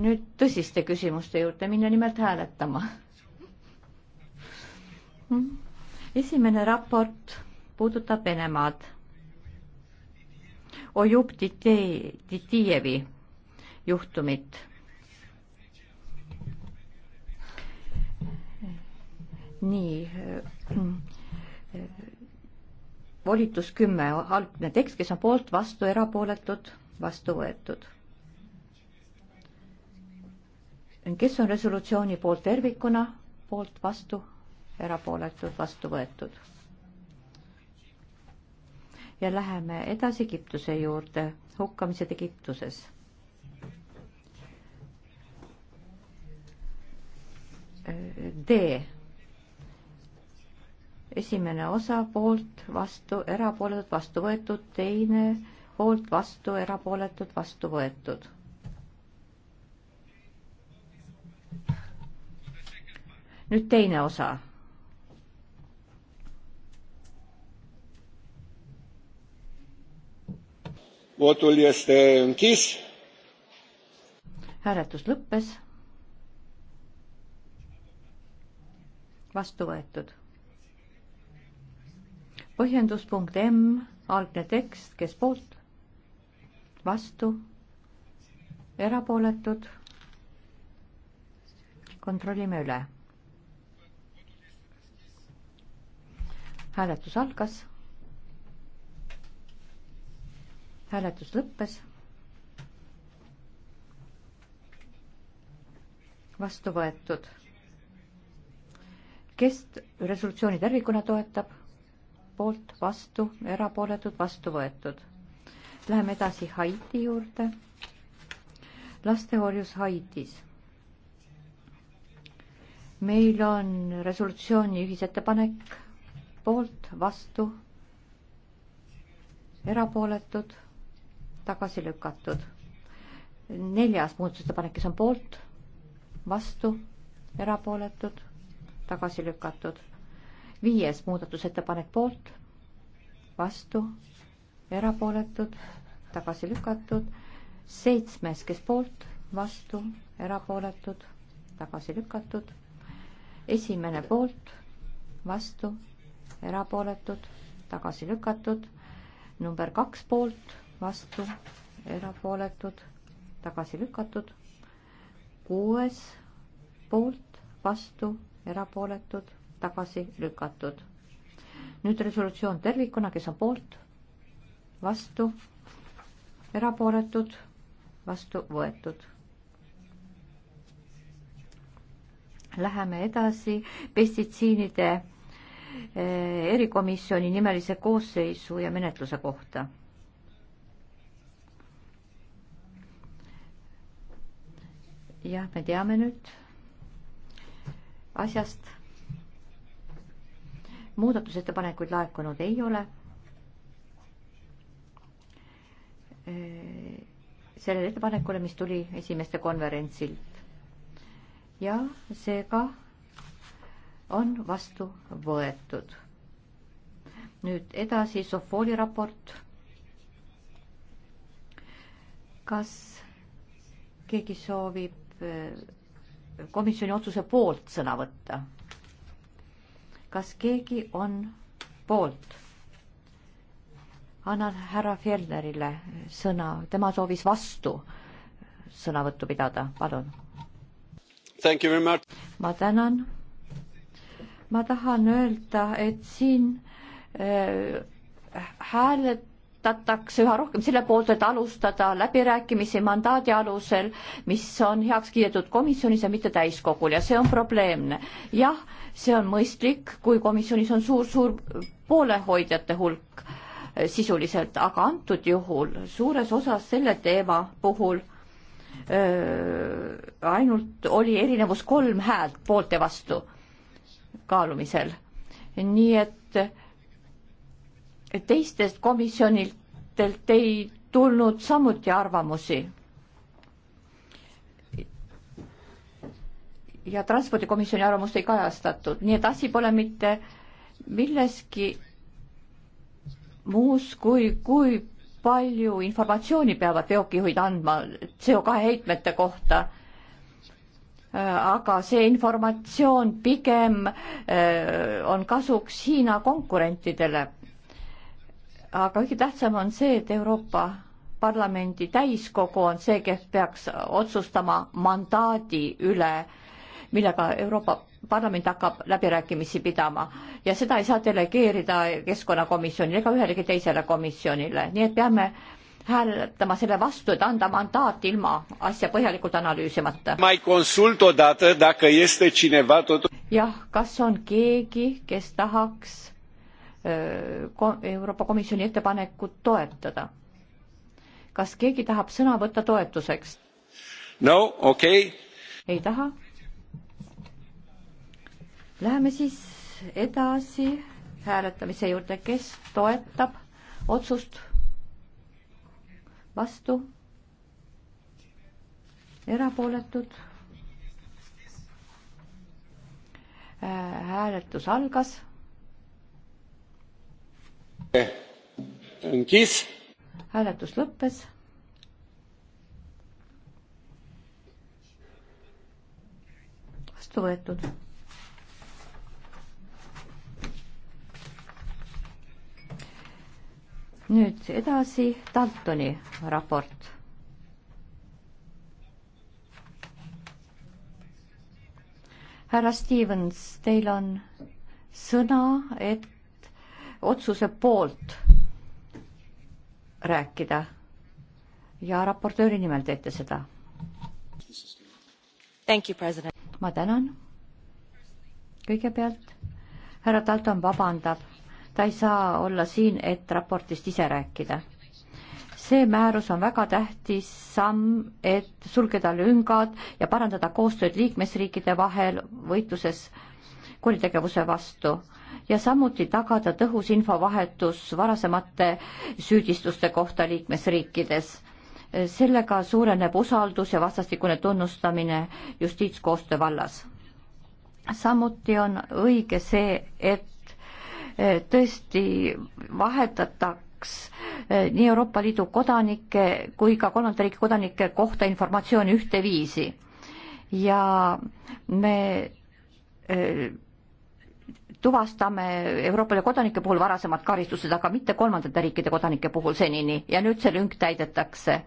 nüüd tõsiste küsimuste juurde minna nimelt hääletama. esimene raport puudutab Venemaad. Ojub Titijevi juhtumit. nii volitus kümme, algne tekst, kes on poolt, vastu, erapooletud, vastu võetud kes on resolutsiooni poolt tervikuna, poolt vastu, erapooletud, vastu võetud. ja läheme edasi Egiptuse juurde, hukkamised Egiptuses. D. esimene osa poolt, vastu, erapooletud, vastu võetud, teine poolt, vastu, erapooletud, vastu võetud nüüd teine osa. hääletus lõppes. vastu võetud. põhjenduspunkt M, algne tekst, kes poolt, vastu, erapooletud. kontrollime üle hääletus algas. hääletus lõppes. vastu võetud. kes resolutsiooni tervikuna toetab? poolt, vastu, erapooletud, vastu võetud. Läheme edasi Haiti juurde. lastehoius Haitis. meil on resolutsiooni ühisettepanek poolt, vastu, erapooletud, tagasi lükatud. neljas muudatusettepanek, kes on poolt, vastu, erapooletud, tagasi lükatud. viies muudatusettepanek poolt, vastu, erapooletud, tagasi lükatud. seitsmes, kes poolt, vastu, erapooletud, tagasi lükatud. esimene poolt, vastu erapooletud, tagasi lükatud, number kaks poolt, vastu, erapooletud, tagasi lükatud, kuues poolt, vastu, erapooletud, tagasi lükatud. nüüd resolutsioon tervikuna, kes on poolt, vastu, erapooletud, vastu võetud Läheme edasi pestitsiinide Eh, erikomisjoni nimelise koosseisu ja menetluse kohta. jah, me teame nüüd asjast. muudatusettepanekuid laekunud ei ole. Eh, sellele ettepanekule, mis tuli esimeste konverentsilt. ja seega on vastu võetud. nüüd edasi Sofooli raport. kas keegi soovib eh, komisjoni otsuse poolt sõna võtta? kas keegi on poolt? annan härra Fjellnerile sõna, tema soovis vastu sõnavõttu pidada, palun. ma tänan ma tahan öelda, et siin äh, hääletatakse üha rohkem selle poolt, et alustada läbirääkimisi mandaadi alusel, mis on heaks kiidetud komisjonis ja mitte täiskogul ja see on probleemne. jah, see on mõistlik, kui komisjonis on suur-suur poolehoidjate hulk äh, sisuliselt, aga antud juhul suures osas selle teema puhul öö, äh, ainult oli erinevus kolm häält poolt ja vastu kaalumisel. nii et teistest komisjonitelt ei tulnud samuti arvamusi. ja transpordikomisjoni arvamust ei kajastatud, nii et asi pole mitte milleski muus kui, kui palju informatsiooni peavad veokijuhid andma CO2 heitmete kohta Äh, aga see informatsioon pigem äh, on kasuks Hiina konkurentidele. aga kõige tähtsam on see, et Euroopa Parlamendi täiskogu on see, kes peaks otsustama mandaadi üle, millega Euroopa Parlament hakkab läbirääkimisi pidama ja seda ei saa delegeerida keskkonnakomisjonile ega ühelegi teisele komisjonile, nii et peame äh, hääletama selle vastu, et anda mandaat ilma asja põhjalikult analüüsimata. jah, kas on keegi, kes tahaks öö, Euroopa Komisjoni ettepanekut toetada? kas keegi tahab sõna võtta toetuseks? no okei okay.. ei taha? Läheme siis edasi hääletamise juurde, kes toetab otsust vastu, erapooletud. hääletus algas. hääletus lõppes vastu võetud. nüüd edasi Daltoni raport. härra Stevens, teil on sõna, et otsuse poolt rääkida ja raportööri nimel teete seda. ma tänan. kõigepealt härra Dalton vabandab ta ei saa olla siin, et raportist ise rääkida. see määrus on väga tähtis samm, et sulgeda lüngad ja parandada koostööd liikmesriikide vahel võitluses kuritegevuse vastu ja samuti tagada tõhus infovahetus varasemate süüdistuste kohta liikmesriikides. sellega suureneb usaldus ja vastastikune tunnustamine justiitskoostöö vallas. samuti on õige see, et tõesti vahetataks eh, nii Euroopa Liidu kodanike kui ka kolmanda riigi kodanike kohta informatsiooni ühteviisi ja me eh, tuvastame Euroopa Liidu kodanike puhul varasemad karistused, aga mitte kolmandate riikide kodanike puhul senini ja nüüd see lünk täidetakse.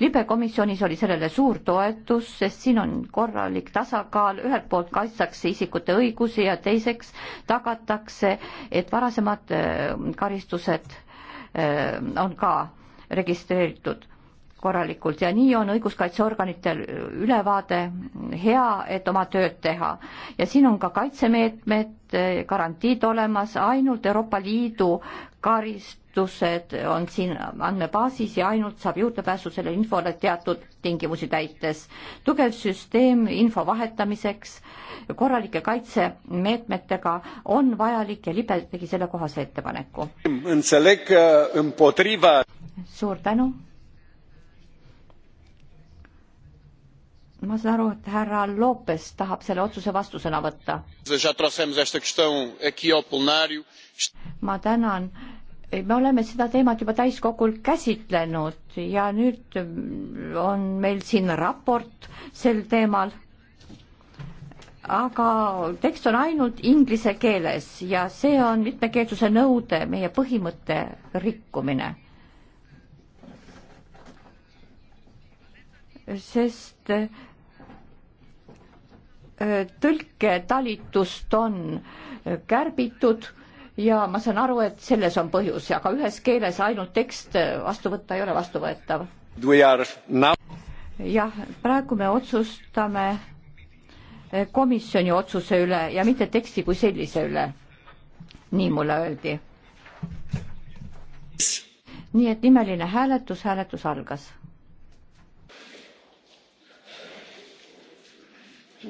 libe komisjonis oli sellele suur toetus, sest siin on korralik tasakaal, ühelt poolt kaitstakse isikute õigusi ja teiseks tagatakse, et varasemad äh, karistused äh, on ka registreeritud korralikult ja nii on õiguskaitseorganitel ülevaade hea, et oma tööd teha. ja siin on ka kaitsemeetmed, garantiid olemas, ainult Euroopa Liidu karistused on siin andmebaasis ja ainult saab juurdepääsu sellele infole teatud tingimusi täites. tugev süsteem info vahetamiseks korralike kaitsemeetmetega on vajalik ja libe tegi sellekohase ettepaneku. suur tänu ma saan aru, et härra Lopes tahab selle otsuse vastusena võtta. ma tänan. me oleme seda teemat juba täiskogul käsitlenud ja nüüd on meil siin raport sel teemal. aga tekst on ainult inglise keeles ja see on mitmekeelsuse nõude, meie põhimõtte rikkumine sest Äh, tõlketalitust on äh, kärbitud ja ma saan aru, et selles on põhjus, aga ühes keeles ainult tekst äh, vastu võtta ei ole vastuvõetav. jah, praegu me otsustame komisjoni otsuse üle ja mitte teksti kui sellise üle. nii mulle öeldi. nii et nimeline hääletus, hääletus algas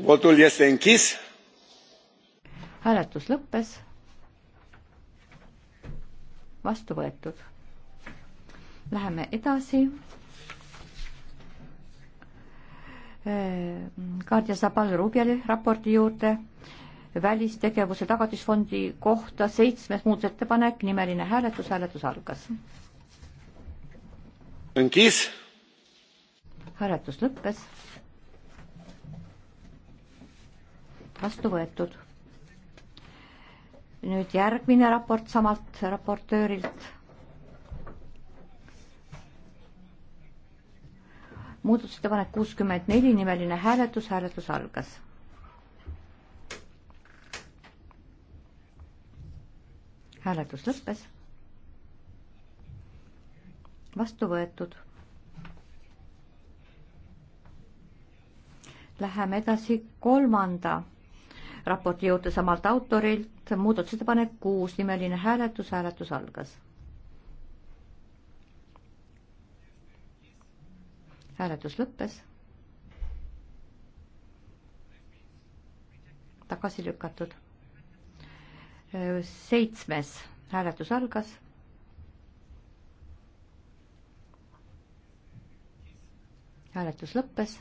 votul este închis. hääletus lõppes. vastu võetud. Läheme edasi. Äh, Katja Sabal-Rubjali raporti juurde välistegevuse tagatisfondi kohta seitsmes muudatusettepanek, nimeline hääletus, hääletus algas. hääletus lõppes vastu võetud. nüüd järgmine raport samalt raportöörilt. muudatusettepanek kuuskümmend neli, nimeline hääletus, hääletus algas. hääletus lõppes. vastu võetud Läheme edasi kolmanda raporti juurde samalt autorilt, muudatusettepanek kuus, nimeline hääletus, hääletus algas. hääletus lõppes. tagasi lükatud. seitsmes hääletus algas. hääletus lõppes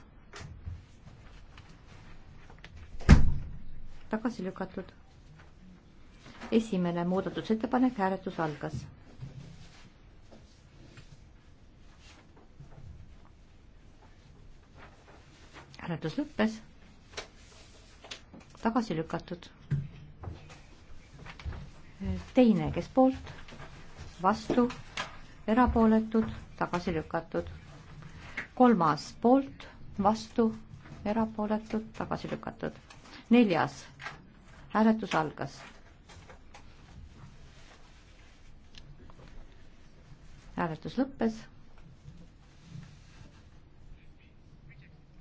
tagasi lükatud. esimene muudatusettepanek, hääletus algas. hääletus lõppes. tagasi lükatud. teine, kes poolt, vastu, erapooletud, tagasi lükatud. kolmas poolt, vastu, erapooletud, tagasi lükatud neljas, hääletus algas. hääletus lõppes.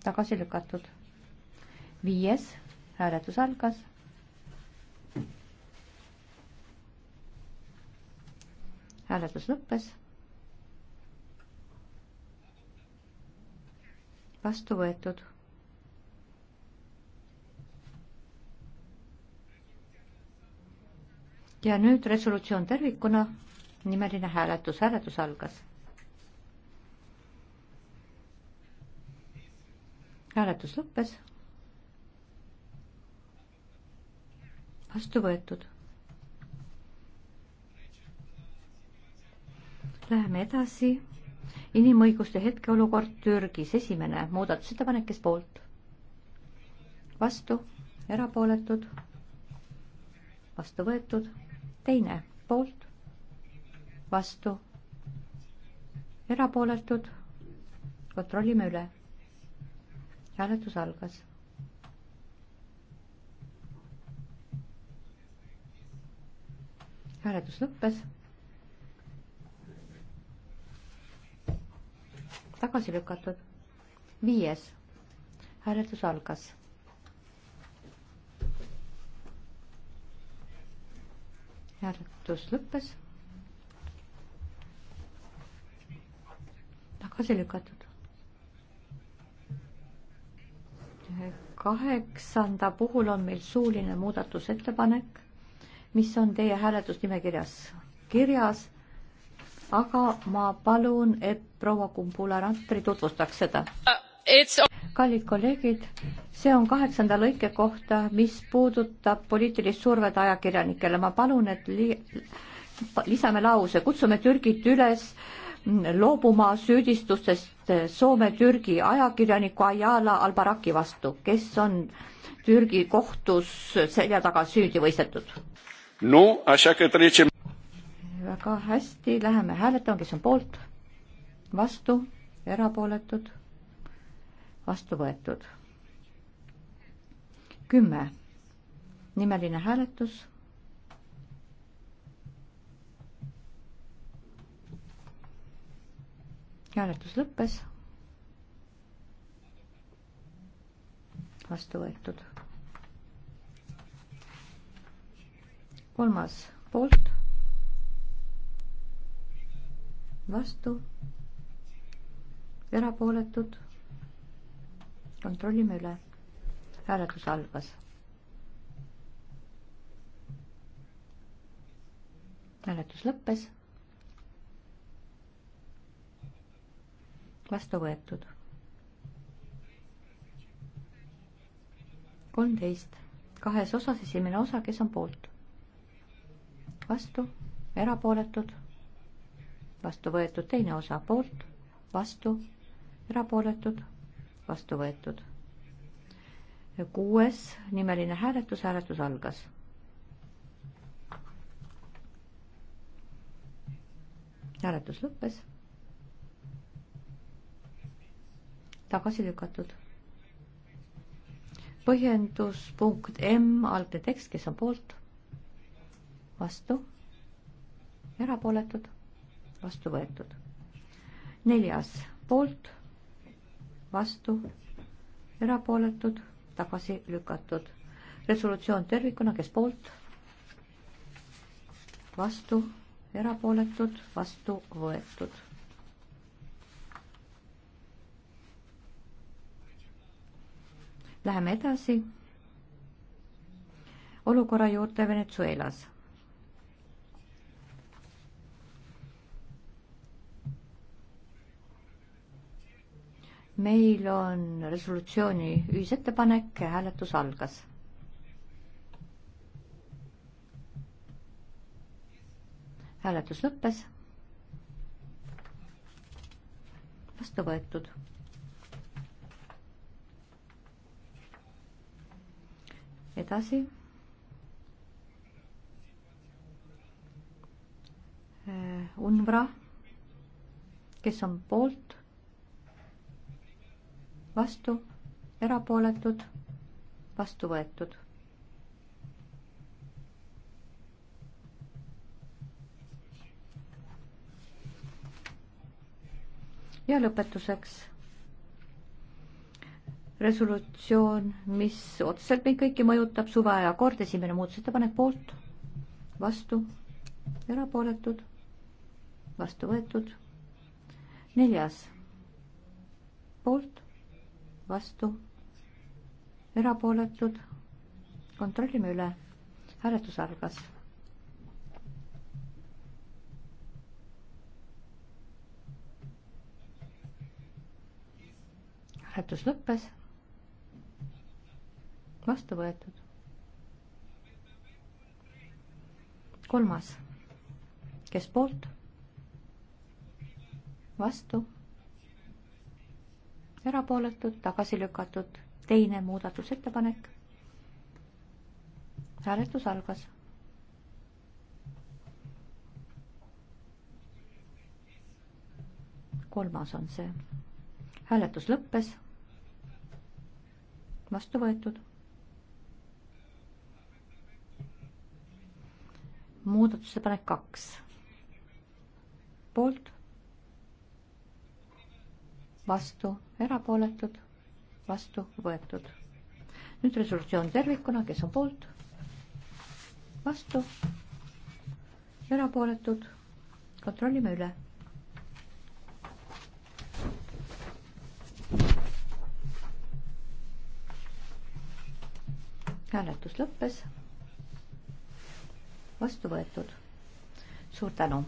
tagasi lükatud. viies, hääletus algas. hääletus lõppes. vastu võetud ja nüüd resolutsioon tervikuna, nimeline hääletus, hääletus algas. hääletus lõppes. vastu võetud. Läheme edasi. inimõiguste hetkeolukord Türgis, esimene muudatusettepanek, kes poolt? vastu, erapooletud, vastu võetud teine poolt, vastu, erapooletud, kontrollime üle. hääletus algas. hääletus lõppes. tagasi lükatud. viies hääletus algas hääletus lõppes. tagasi lükatud. kaheksanda puhul on meil suuline muudatusettepanek, mis on teie hääletusnimekirjas kirjas, aga ma palun, et proua Kumbula-Randperi tutvustaks seda. Uh, kallid kolleegid, see on kaheksanda lõike kohta, mis puudutab poliitilist survet ajakirjanikele. ma palun, et li lisame lause, kutsume Türgit üles loobuma süüdistustest Soome-Türgi ajakirjaniku Ayala Albaraki vastu, kes on Türgi kohtus selja taga süüdi mõistetud no,. väga hästi, läheme hääletama, kes on poolt, vastu, erapooletud vastu võetud. kümme, nimeline hääletus. hääletus lõppes. vastu võetud. kolmas poolt. vastu. erapooletud kontrollime üle. hääletus algas. hääletus lõppes. vastu võetud. kolmteist, kahes osas esimene osa, kes on poolt? vastu, erapooletud, vastu võetud teine osa poolt, vastu, erapooletud vastu võetud. kuues nimeline hääletus, hääletus algas. hääletus lõppes. tagasi lükatud. põhjendus punkt M, algne tekst, kes on poolt, vastu, erapooletud, vastu võetud. neljas poolt vastu, erapooletud, tagasi lükatud. resolutsioon tervikuna, kes poolt, vastu, erapooletud, vastu võetud. Läheme edasi olukorra juurde Venezuelas meil on resolutsiooni ühisettepanek, hääletus algas. hääletus lõppes. vastu võetud. edasi. Äh, UNVRA, kes on poolt vastu, erapooletud, vastu võetud. ja lõpetuseks resolutsioon, mis otseselt meid kõiki mõjutab, suveaja kord, esimene muudatusettepanek poolt, vastu, erapooletud, vastu võetud, neljas poolt, vastu, erapooletud, kontrollime üle, hääletus algas. hääletus lõppes, vastu võetud. kolmas, kes poolt, vastu erapooletud, tagasi lükatud. teine muudatusettepanek. hääletus algas. kolmas on see. hääletus lõppes. vastu võetud. muudatusettepanek kaks. poolt vastu erapooletud, vastu võetud. nüüd resolutsioon tervikuna, kes on poolt, vastu, erapooletud, kontrollime üle. hääletus lõppes, vastu võetud. suur tänu